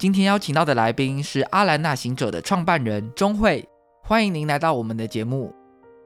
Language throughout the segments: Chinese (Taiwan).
今天邀請到的來賓是阿蘭那行者的創辦人中慧，歡迎您來到我們的節目。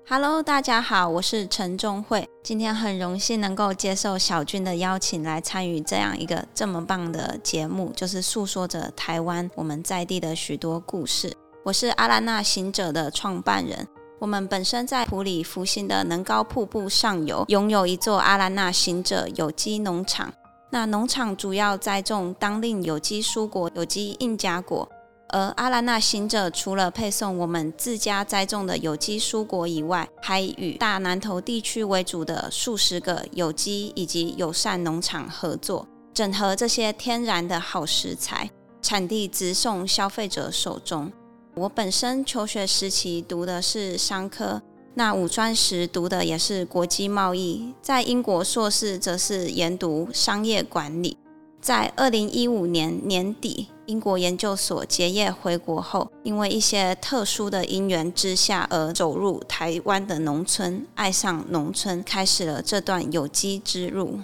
Hello，大家好，我是陳中慧，今天很榮幸能夠接受小鈞的邀請來參與這樣一個這麼棒的節目，就是訴說着台灣我們在地的許多故事。我是阿蘭那行者的創辦人，我們本身在埔里福興的能高瀑布上游擁有一座阿蘭那行者有機農場。那農場主要栽種當令有機蔬果、有機印加果，而阿蘭那行者除了配送我們自家栽種的有機蔬果以外，還與大南投地區為主的數十個有機以及友善農場合作，整合這些天然的好食材，產地直送消費者手中。我本身求學時期讀的是商科。那五專時讀的也是國際貿易，在英國碩士則是研讀商業管理。在二零一五年年底，英國研究所結業回國後，因為一些特殊的因緣之下，而走入台灣的農村，愛上農村，開始了這段有機之路。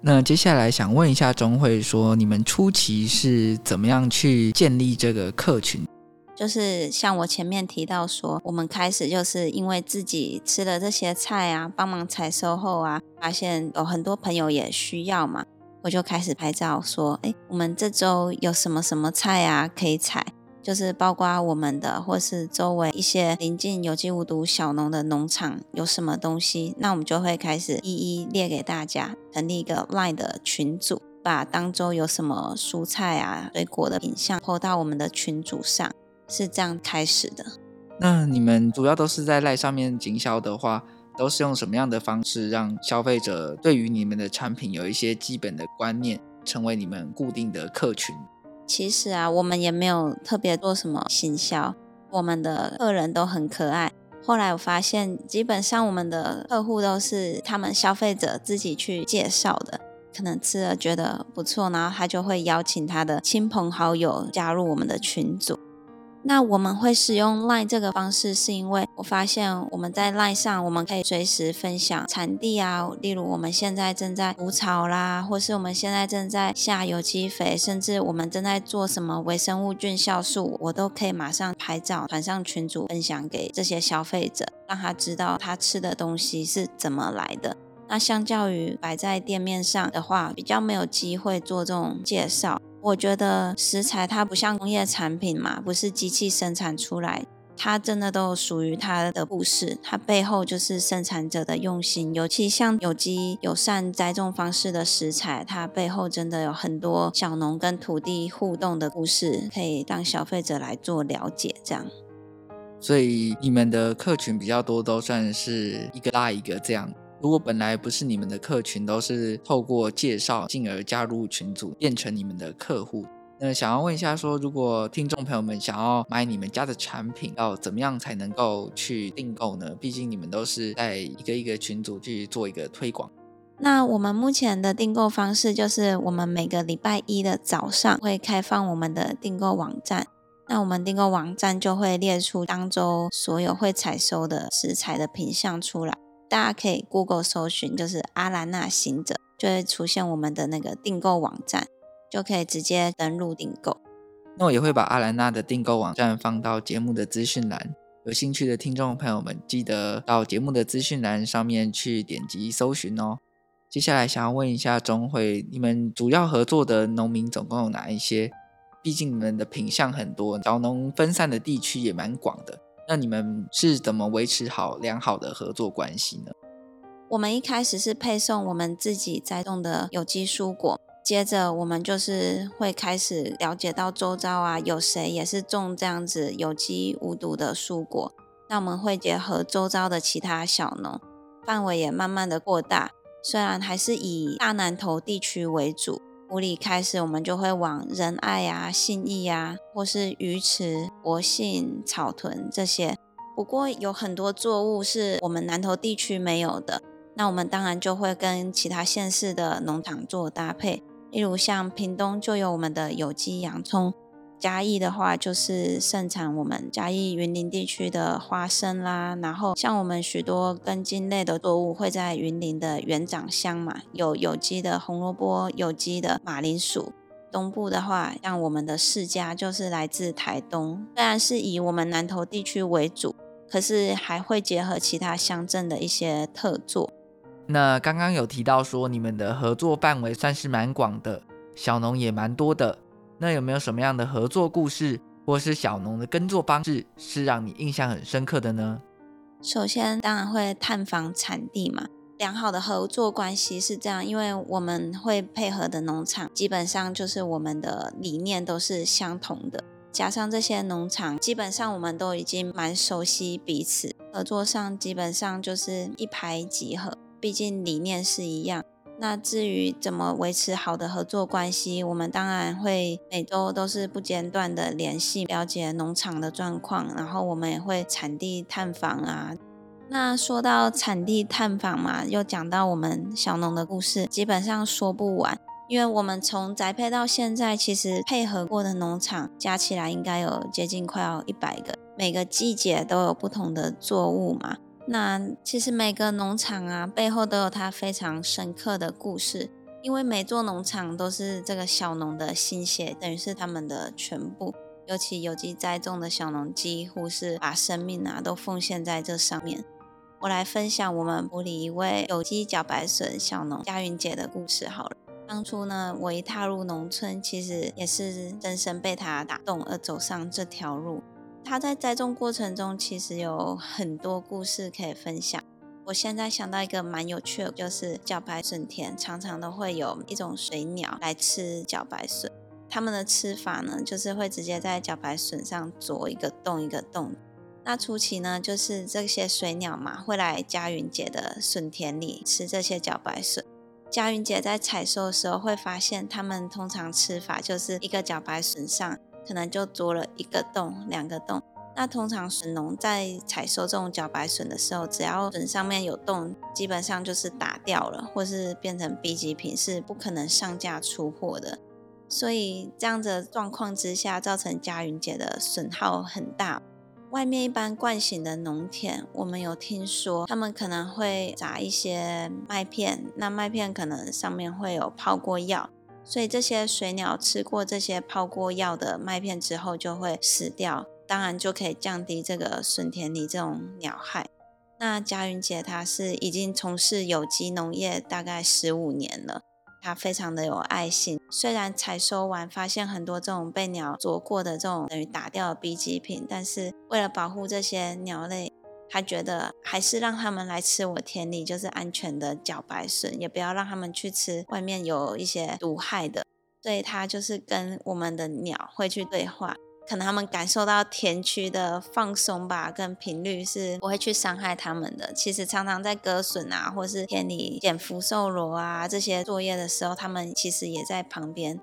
那接下來想問一下中慧，說你們初期是怎麼樣去建立這個客群？就是像我前面提到說，我們開始就是因為自己吃了這些菜啊，幫忙採收後啊，發現有很多朋友也需要嘛，我就開始拍照說，哎、欸，我們這週有什麼什麼菜啊可以採，就是包括我們的或是周圍一些臨近有機無毒小農的農場有什麼東西，那我們就會開始一一列給大家，成立一個 Line 的群組，把當週有什麼蔬菜啊、水果的品相 PO 到我們的群組上。是這樣開始的。那你們主要都是在 LINE 上面經銷的話，都是用什麼樣的方式讓消費者對於你們的產品有一些基本的觀念，成為你們固定的客群？其實啊，我們也沒有特別做什麼行銷，我們的客人都很可愛。後來我發現，基本上我們的客戶都是他們消費者自己去介紹的，可能吃了覺得不錯，然後他就會邀請他的親朋好友加入我們的群組。那我們會使用 LINE 這個方式，是因為我發現我們在 LINE 上，我們可以隨時分享產地啊，例如我們現在正在除草啦，或是我們現在正在下有機肥，甚至我們正在做什麼微生物菌酵素，我都可以馬上拍照傳上群組，分享給這些消費者，讓他知道他吃的東西是怎麼來的。那相較於擺在店面上的話，比較沒有機會做這種介紹。我覺得食材它不像工業產品嘛，不是機器生產出來，它真的都屬於它的故事，它背後就是生產者的用心。尤其像有機、友善栽種方式的食材，它背後真的有很多小農跟土地互動的故事，可以讓消費者來做了解這樣。所以你們的客群比較多，都算是一個拉一個這樣，如果本來不是你們的客群，都是透過介紹進而加入群組，變成你們的客戶。那想要問一下說，說如果聽眾朋友們想要買你們家的產品，要怎麼樣才能夠去訂購呢？畢竟你們都是在一個一個群組去做一個推廣。那我們目前的訂購方式就是，我們每個禮拜一的早上會開放我們的訂購網站。那我們訂購網站就會列出當周所有會採收的食材的品相出來。大家可以 Google 搜尋，就是阿蘭那行者，就會出現我們的那個訂購網站，就可以直接登錄訂購。那我也會把阿蘭那的訂購網站放到節目的資訊欄，有興趣的聽眾朋友們，記得到節目的資訊欄上面去點擊搜尋哦。接下來想要問一下中慧，你們主要合作的農民總共有哪一些？畢竟你們的品項很多，小農分散的地區也蠻廣的。那你們是怎麼維持好良好的合作關係呢？我們一開始是配送我們自己栽種的有機蔬果，接着我們就是會開始了解到周遭啊，有誰也是種這樣子有機無毒的蔬果，那我們會結合周遭的其他小農，範圍也慢慢的擴大，雖然還是以大南投地區為主。埔里開始，我們就會往仁愛啊、信義啊，或是魚池、國姓、草屯這些。不過有很多作物是我們南投地區沒有的，那我們當然就會跟其他縣市的農場做搭配，例如像屏東就有我們的有機洋蔥。嘉義的話，就是盛產我們嘉義雲林地區的花生啦，然後像我們許多根莖類的作物會在雲林的元長鄉嘛，有有機的紅蘿蔔、有機的馬鈴薯。東部的話，像我們的釋迦就是來自台東，雖然是以我們南投地區為主，可是還會結合其他鄉鎮的一些特作。那剛剛有提到說，你們的合作範圍算是蠻廣的，小農也蠻多的。那有沒有什麼樣的合作故事，或是小農的耕作方式，是讓你印象很深刻的呢？首先，當然會探訪產地嘛。良好的合作關係是這樣，因為我們會配合的農場，基本上就是我們的理念都是相同的。加上這些農場，基本上我們都已經蠻熟悉彼此，合作上基本上就是一拍即合，畢竟理念是一樣。那至於怎麼維持好的合作關係，我們當然會每周都是不間斷的聯繫，了解農場的狀況，然後我們也會產地探訪啊。那說到產地探訪嘛，又講到我們小農的故事，基本上說不完，因為我們從宅配到現在，其實配合過的農場加起來應該有接近快要一百個，每個季節都有不同的作物嘛。那其實每個農場啊，背後都有它非常深刻的故事，因為每座農場都是這個小農的心血，等於是他們的全部。尤其有機栽種的小農，幾乎是把生命啊都奉獻在這上面。我來分享我們埔里一位有機茭白筍小農家雲姐的故事好了。當初呢，我一踏入農村，其實也是深深被她打動而走上這條路。他在栽種過程中其實有很多故事可以分享。我現在想到一個蠻有趣的，就是茭白筍田常常都會有一種水鳥來吃茭白筍。它們的吃法呢，就是會直接在茭白筍上啄一個洞一個洞。那初期呢，就是這些水鳥嘛，會來佳雲姐的筍田裡吃這些茭白筍。佳雲姐在採收的時候會發現，它們通常吃法就是一個茭白筍上。可能就啄了一個洞、兩個洞。那通常筍農在採收這種茭白筍的時候，只要筍上面有洞，基本上就是打掉了，或是變成 B 級品，是不可能上架出貨的。所以這樣的狀況之下，造成佳云姐的損耗很大。外面一般慣行的農田，我們有聽說他們可能會撒一些麥片，那麥片可能上面會有泡過藥。所以這些水鳥吃過這些泡過藥的麥片之後就會死掉，當然就可以降低這個水田裡這種鳥害。那嘉云姐她是已經從事有機農業大概十五年了，她非常的有愛心。雖然採收完發現很多這種被鳥啄過的這種等於打掉的 B 級品，但是為了保護這些鳥類。他覺得還是讓他們來吃我田裡就是安全的茭白筍，也不要讓他們去吃外面有一些毒害的。所以他就是跟我們的鳥會去對話，可能他們感受到田區的放鬆吧，跟頻率是不會去傷害它們的。其實常常在割筍啊，或是田裡撿福壽螺啊這些作業的時候，他們其實也在旁邊。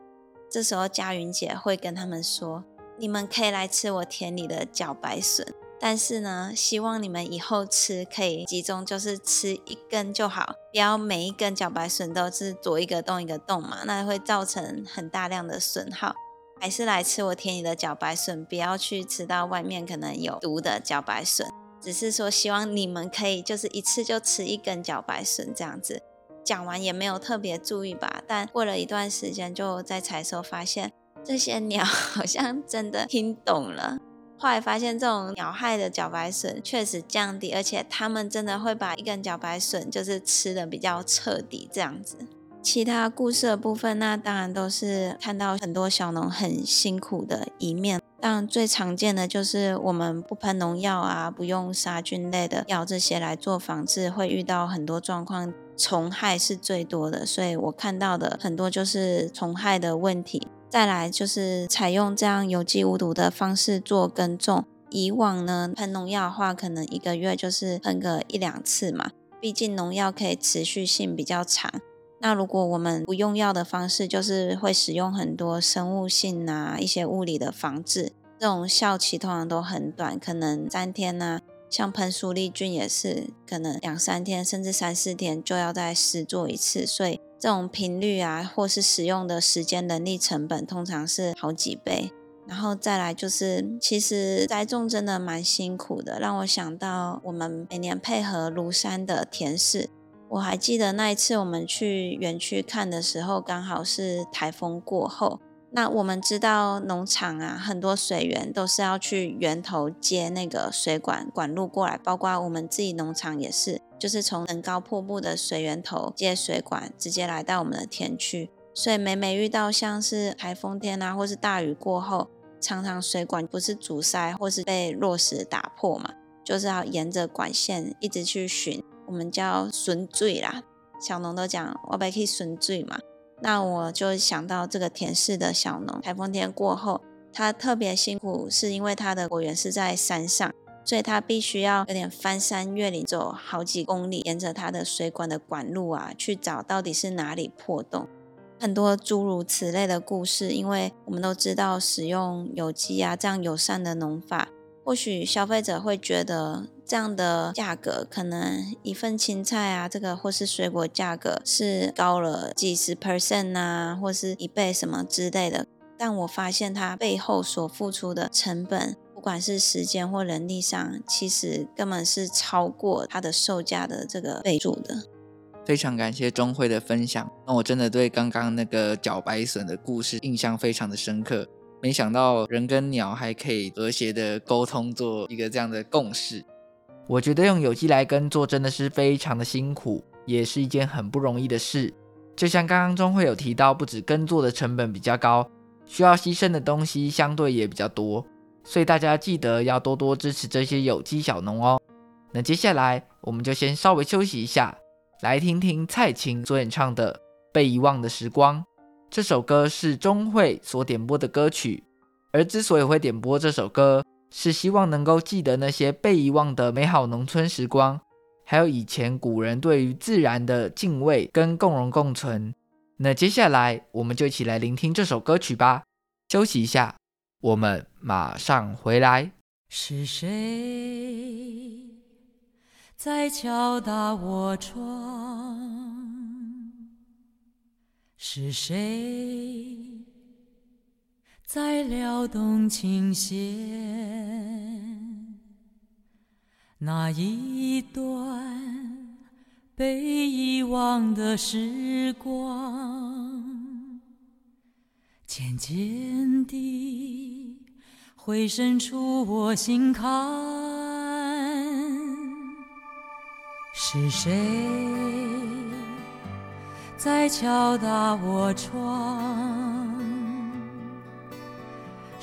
這時候嘉雲姐會跟他們說：“你們可以來吃我田裡的茭白筍。”但是呢，希望你們以後吃可以集中，就是吃一根就好，不要每一根茭白筍都是啄一個洞一個洞嘛，那會造成很大量的損耗。還是來吃我田裡的茭白筍，不要去吃到外面可能有毒的茭白筍。只是說希望你們可以就是一次就吃一根茭白筍這樣子。講完也沒有特別注意吧，但過了一段時間，就在採收發現這些鳥好像真的聽懂了。後來發現這種鳥害的茭白筍確實降低，而且他們真的會把一根茭白筍就是吃的比較徹底這樣子。其他故事的部分啊，那當然都是看到很多小農很辛苦的一面。但最常見的就是我們不噴農藥啊，不用殺菌類的藥這些來做防治，會遇到很多狀況，蟲害是最多的。所以我看到的很多就是蟲害的問題。再來就是採用這樣有機無毒的方式做耕種。以往呢，噴農藥的話，可能一個月就是噴個一兩次嘛，畢竟農藥可以持續性比較長。那如果我們不用藥的方式，就是會使用很多生物性啊，一些物理的防治，這種效期通常都很短，可能三天啊。像噴蘇力菌也是，可能兩三天甚至三四天就要再施做一次，所以。這種頻率啊，或是使用的時間、人力成本，通常是好幾倍。然後再來就是，其實栽種真的蠻辛苦的，讓我想到我們每年配合廬山的甜柿。我還記得那一次我們去園區看的時候，剛好是颱風過後。那我們知道農場啊，很多水源都是要去源頭接那個水管管路過來，包括我們自己農場也是，就是從能高瀑布的水源頭接水管，直接來到我們的田區。所以每每遇到像是台風天啊，或是大雨過後，常常水管不是阻塞或是被落石打破嘛，就是要沿着管線一直去尋，我們叫尋嘴啦。小農都講，我不要可以尋嘴嘛？那我就想到這個田氏的小農，颱風天過後，他特別辛苦，是因為他的果園是在山上，所以他必須要有點翻山越嶺，走好幾公里，沿着他的水管的管路啊，去找到底是哪裡破洞，很多諸如此類的故事。因為我們都知道，使用有機啊這樣友善的農法，或許消費者會覺得。這樣的價格，可能一份青菜啊，這個或是水果價格是高了幾十 percent 啊，或是一倍什麼之類的。但我發現它背後所付出的成本，不管是時間或人力上，其實根本是超過它的售價的這個倍數的。非常感謝中慧的分享，那我真的對剛剛那個茭白筍的故事印象非常的深刻。沒想到人跟鳥還可以和諧的溝通，做一個這樣的共識。我覺得用有機來耕作真的是非常的辛苦，也是一件很不容易的事。就像剛剛中慧有提到，不止耕作的成本比較高，需要犧牲的東西相對也比較多。所以大家記得要多多支持這些有機小農哦。那接下來我們就先稍微休息一下，來聽聽蔡琴所演唱的《被遺忘的時光》。這首歌是中慧所點播的歌曲，而之所以會點播這首歌。是希望能夠記得那些被遺忘的美好農村時光，還有以前古人對於自然的敬畏跟共榮共存。那接下來我們就一起來聆聽這首歌曲吧。休息一下，我們馬上回來。是誰在敲打我窗？是誰？在撩動琴弦？那一段被遺忘的時光，漸漸地回滲出我心坎。是誰在敲打我窗？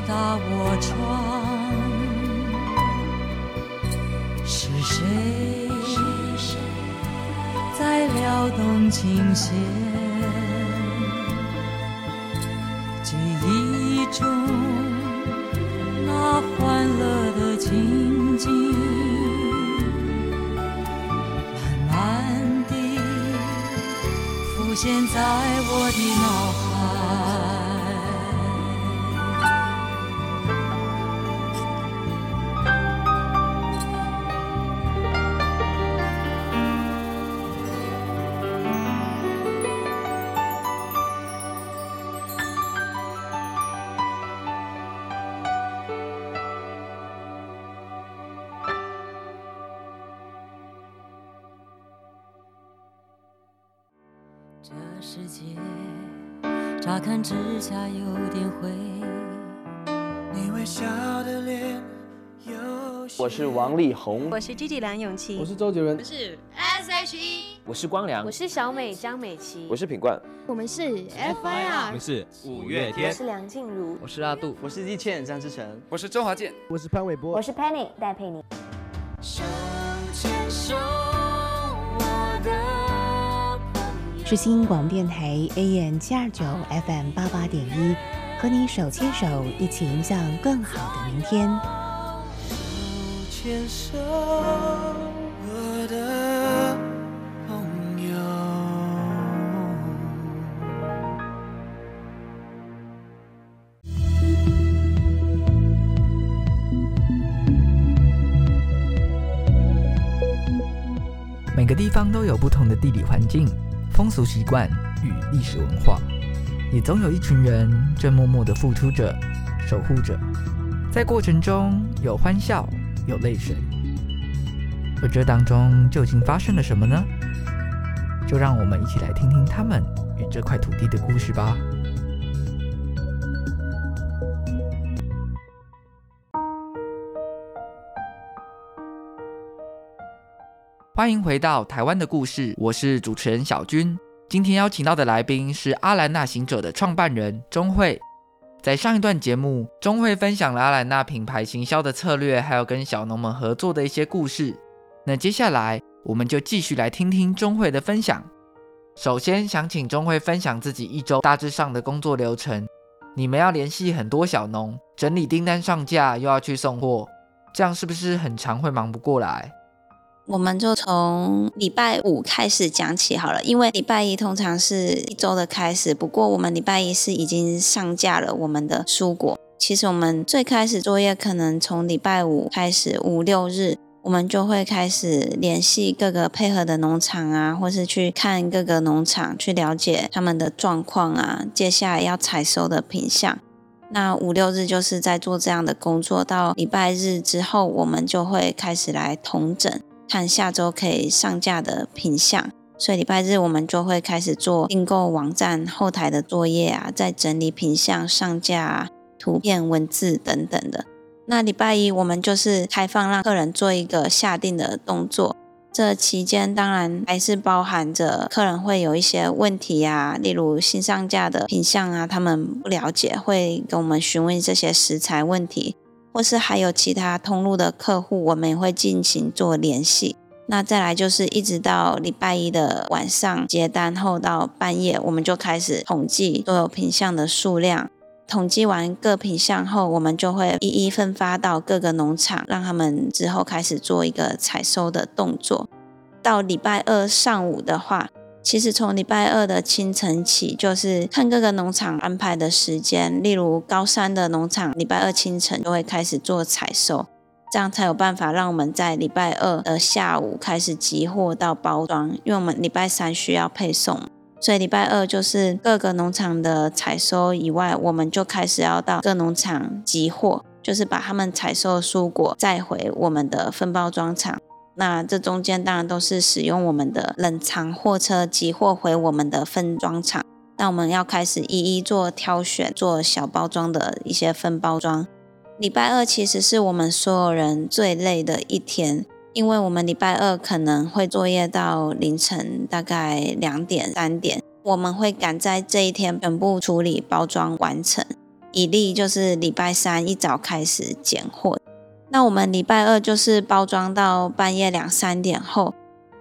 敲打我窗，是誰在撩動琴弦？這世界。乍看之下有點灰。你微笑的臉有，我是王力宏，我是 Gigi 梁詠琪，我是周杰倫，我是 SHE，我，我是光良，我是小美江美琪，我是品冠，我們是 FIR，我們是五月天，我是梁靜茹，我是阿杜，我是易倩張智成，我是周華健，我是潘瑋柏，我是 Penny 戴佩妮。是新廣電台 AM 七二九 FM 八八點一，和你手牽手，一起迎向更好的明天。手牽手，我的朋友。每個地方都有不同的地理環境。風俗習慣與歷史文化，也總有一群人正默默地付出着、守護着，在過程中有歡笑，有淚水。而這當中究竟發生了什麼呢？就讓我們一起來聽聽他們與這塊土地的故事吧。歡迎回到《台灣的故事》，我是主持人小鈞。今天邀請到的來賓是阿蘭那行者的創辦人中慧。在上一段節目，中慧分享了阿蘭那品牌行銷的策略，還有跟小農們合作的一些故事。那接下來，我們就繼續來聽聽中慧的分享。首先，想請中慧分享自己一周大致上的工作流程。你們要聯繫很多小農，整理訂單上架，又要去送貨，這樣是不是很常會忙不過來？我們就從禮拜五開始講起好了，因為禮拜一通常是一周的開始。不過我們禮拜一是已經上架了我們的蔬果。其實我們最開始作業可能從禮拜五開始，五六日我們就會開始聯繫各個配合的農場啊，或是去看各個農場，去了解他們的狀況啊，接下來要採收的品相。那五六日就是在做這樣的工作，到禮拜日之後，我們就會開始來統整。看下周可以上架的品相，所以禮拜日我們就會開始做訂購網站後台的作業啊，在整理品相上架啊，圖片、文字等等的。那禮拜一我們就是開放讓客人做一個下訂的動作，這期間當然還是包含着客人會有一些問題呀、啊，例如新上架的品相啊，他們不了解，會跟我們詢問這些食材問題。或是還有其他通路的客戶，我們也會進行做聯繫。那再來就是一直到禮拜一的晚上接單後到半夜，我們就開始統計所有品項的數量。統計完各品項後，我們就會一一分發到各個農場，讓他們之後開始做一個採收的動作。到禮拜二上午的話。其實從禮拜二的清晨起，就是看各個農場安排的時間。例如高山的農場，禮拜二清晨就會開始做採收，這樣才有辦法讓我們在禮拜二的下午開始集貨到包裝，因為我們禮拜三需要配送，所以禮拜二就是各個農場的採收以外，我們就開始要到各農場集貨，就是把他們採收的蔬果帶回我們的分包裝廠。那這中間當然都是使用我們的冷藏貨車集貨回我們的分裝廠。那我們要開始一一做挑選，做小包裝的一些分包裝。禮拜二其實是我們所有人最累的一天，因為我們禮拜二可能會作業到凌晨大概兩點三點，我們會趕在這一天全部處理包裝完成。以利就是禮拜三一早開始揀貨。那我們禮拜二就是包裝到半夜兩三點後，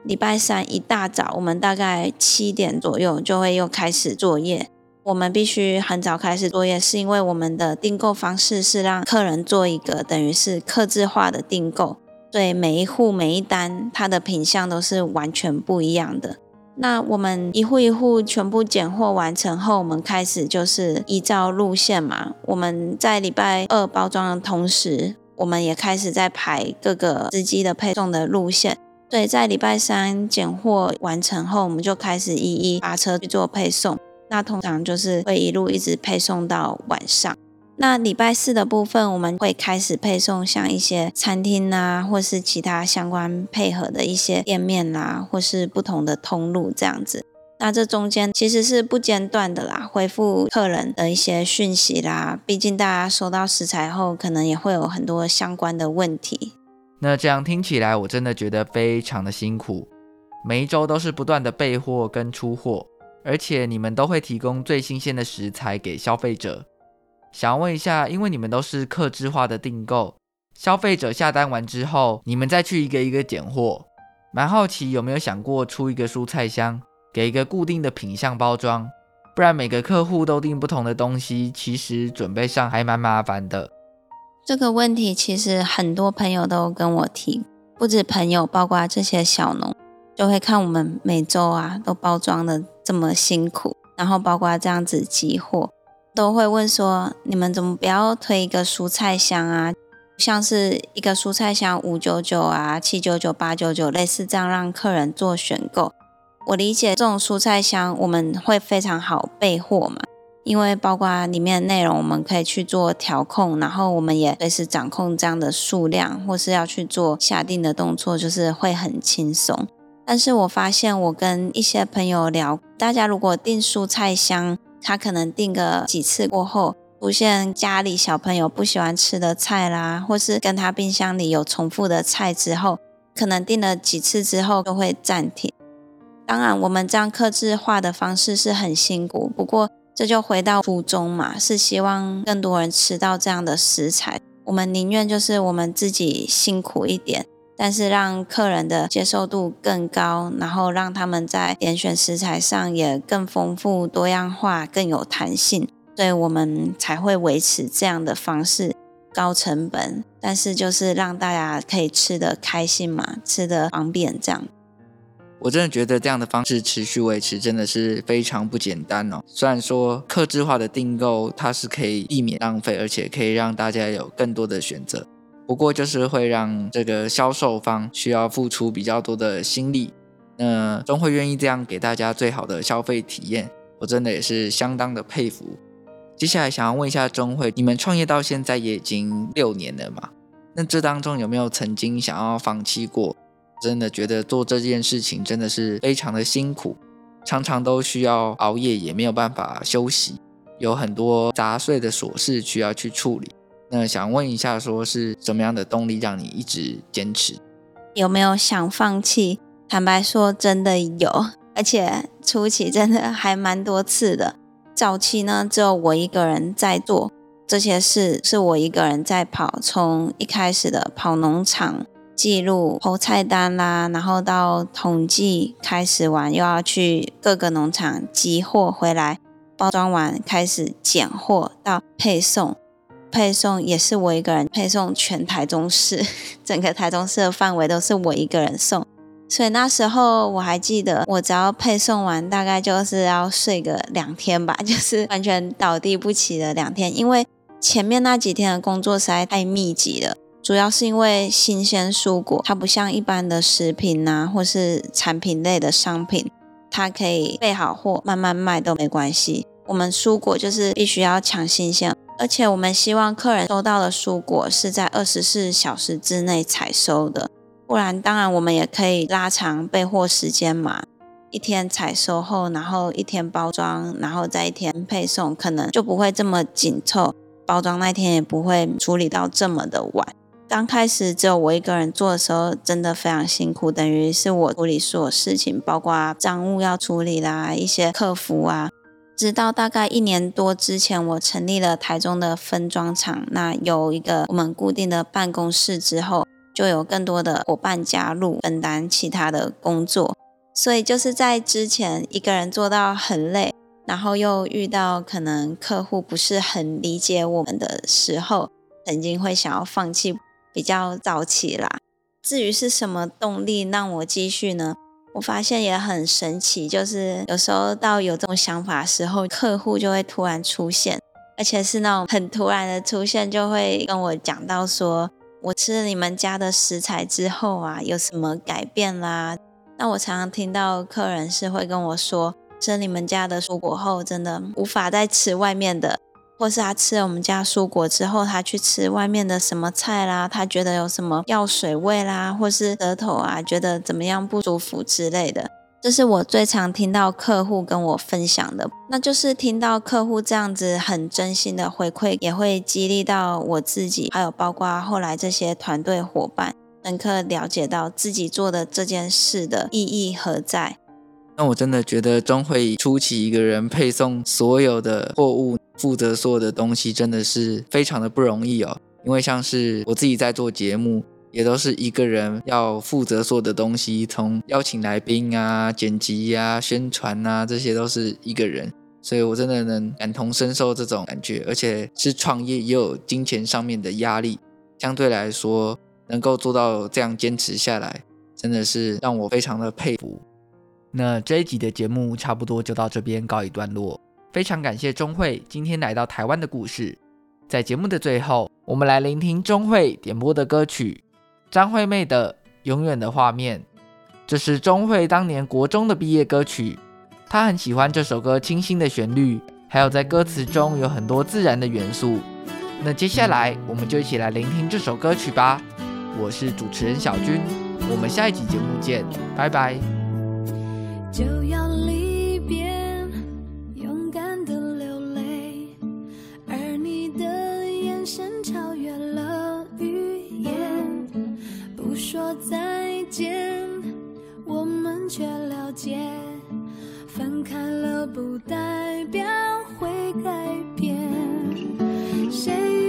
禮拜三一大早，我們大概七點左右就會又開始作業。我們必須很早開始作業，是因為我們的訂購方式是讓客人做一個等於是客製化的訂購，所以每一戶每一單它的品項都是完全不一樣的。那我們一戶一戶全部揀貨完成後，我們開始就是依照路線嘛，我們在禮拜二包裝的同時。我們也開始在排各個司機的配送的路線。所以在禮拜三揀貨完成後，我們就開始一一發車去做配送。那通常就是會一路一直配送到晚上。那禮拜四的部分，我們會開始配送像一些餐廳啊，或是其他相關配合的一些店面啦、啊，或是不同的通路這樣子。那這中間其實是不間斷的啦，回復客人的一些訊息啦，畢竟大家收到食材後，可能也會有很多相關的問題。那這樣聽起來，我真的覺得非常的辛苦，每一周都是不斷的備貨跟出貨，而且你們都會提供最新鮮的食材給消費者。想問一下，因為你們都是客制化的訂購，消費者下單完之後，你們再去一個一個揀貨，蠻好奇有沒有想過出一個蔬菜箱？給一個固定的品相包裝，不然每個客戶都訂不同的東西，其實準備上還蠻麻煩的。這個問題其實很多朋友都跟我提，不止朋友，包括這些小農，就會看我們每周啊都包裝得這麼辛苦，然後包括這樣子集貨，都會問說：你們怎麼不要推一個蔬菜箱啊？像是一個蔬菜箱五九九啊、七九九、八九九，類似這樣讓客人做選購。我理解，這種蔬菜箱我們會非常好備貨嘛，因為包括裡面的內容我們可以去做調控，然後我們也隨時掌控這樣的數量，或是要去做下定的動作，就是會很輕鬆。但是我發現我跟一些朋友聊，大家如果訂蔬菜箱，他可能訂個幾次過後，出現家裡小朋友不喜歡吃的菜啦，或是跟他冰箱裡有重複的菜之後，可能訂了幾次之後都會暫停。當然，我們這樣客製化的方式是很辛苦。不過，這就回到初衷嘛，是希望更多人吃到這樣的食材。我們寧願就是我們自己辛苦一點，但是讓客人的接受度更高，然後讓他們在嚴選食材上也更豐富、多樣化、更有彈性。所以我們才會維持這樣的方式，高成本，但是就是讓大家可以吃得開心嘛，吃得方便這樣。我真的覺得這樣的方式持續維持真的是非常不簡單哦。雖然說客制化的訂購，它是可以避免浪費，而且可以讓大家有更多的選擇。不過就是會讓這個銷售方需要付出比較多的心力。那中慧願意這樣給大家最好的消費體驗，我真的也是相當的佩服。接下來想要問一下中慧，你們創業到現在也已經六年了嘛？那這當中有沒有曾經想要放棄過？真的覺得做這件事情真的是非常的辛苦，常常都需要熬夜，也沒有辦法休息，有很多雜碎的瑣事需要去處理。那想問一下，說是什麼樣的動力讓你一直堅持？有沒有想放棄？坦白說，真的有，而且初期真的還蠻多次的。早期呢，只有我一個人在做這些事，是我一個人在跑，從一開始的跑農場。記錄、摳菜單啦、啊，然後到統計開始玩，又要去各個農場集貨回來，包裝完開始揀貨到配送，配送也是我一個人配送全台中市，整個台中市的範圍都是我一個人送，所以那時候我還記得，我只要配送完大概就是要睡個兩天吧，就是完全倒地不起的兩天，因為前面那幾天的工作實在太密集了。主要是因為新鮮蔬果，它不像一般的食品吶、啊，或是產品類的商品，它可以備好貨慢慢賣都沒關係。我們蔬果就是必須要搶新鮮，而且我們希望客人收到的蔬果是在二十四小時之內採收的，不然當然我們也可以拉長備貨時間嘛，一天採收後，然後一天包裝，然後再一天配送，可能就不會這麼緊湊，包裝那天也不會處理到這麼的晚。剛開始只有我一個人做的時候，真的非常辛苦，等於是我處理所有事情，包括賬務要處理啦，一些客服啊。直到大概一年多之前，我成立了台中的分裝廠，那有一個我們固定的辦公室之後，就有更多的夥伴加入，分擔其他的工作。所以就是在之前一個人做到很累，然後又遇到可能客戶不是很理解我們的時候，曾經會想要放棄。比較早期啦。至於是什麼動力讓我繼續呢？我發現也很神奇，就是有時候到有這種想法時候，客戶就會突然出現，而且是那種很突然的出現，就會跟我講到說我吃了你們家的食材之後啊，有什麼改變啦？那我常常聽到客人是會跟我說，吃你們家的蔬果，果後，真的無法再吃外面的。或是他吃了我們家蔬果之後，他去吃外面的什麼菜啦，他覺得有什麼藥水味啦，或是舌頭啊，覺得怎麼樣不舒服之類的，這是我最常聽到客戶跟我分享的。那就是聽到客戶這樣子很真心的回饋，也會激勵到我自己，還有包括後來這些團隊夥伴，深刻了解到自己做的這件事的意義何在。那我真的覺得，中慧初期一個人配送所有的貨物，負責所有的東西，真的是非常的不容易哦。因為像是我自己在做節目，也都是一個人要負責所有的東西，從邀請來賓啊、剪輯啊、宣傳啊，啊、這些都是一個人。所以我真的能感同身受這種感覺，而且是創業也有金錢上面的壓力，相對來說能夠做到這樣堅持下來，真的是讓我非常的佩服。那這一集的節目差不多就到這邊告一段落，非常感謝中慧今天來到台灣的故事。在節目的最後，我們來聆聽中慧點播的歌曲《張惠妹的永遠的畫面》，這是中慧當年國中的畢業歌曲，她很喜歡這首歌清新的旋律，還有在歌詞中有很多自然的元素。那接下來我們就一起來聆聽這首歌曲吧。我是主持人小鈞，我們下一集節目見，拜拜。就要離別，勇敢的流淚，而你的眼神超越了語言，不說再見，我們卻了解，分開了不代表會改變，誰？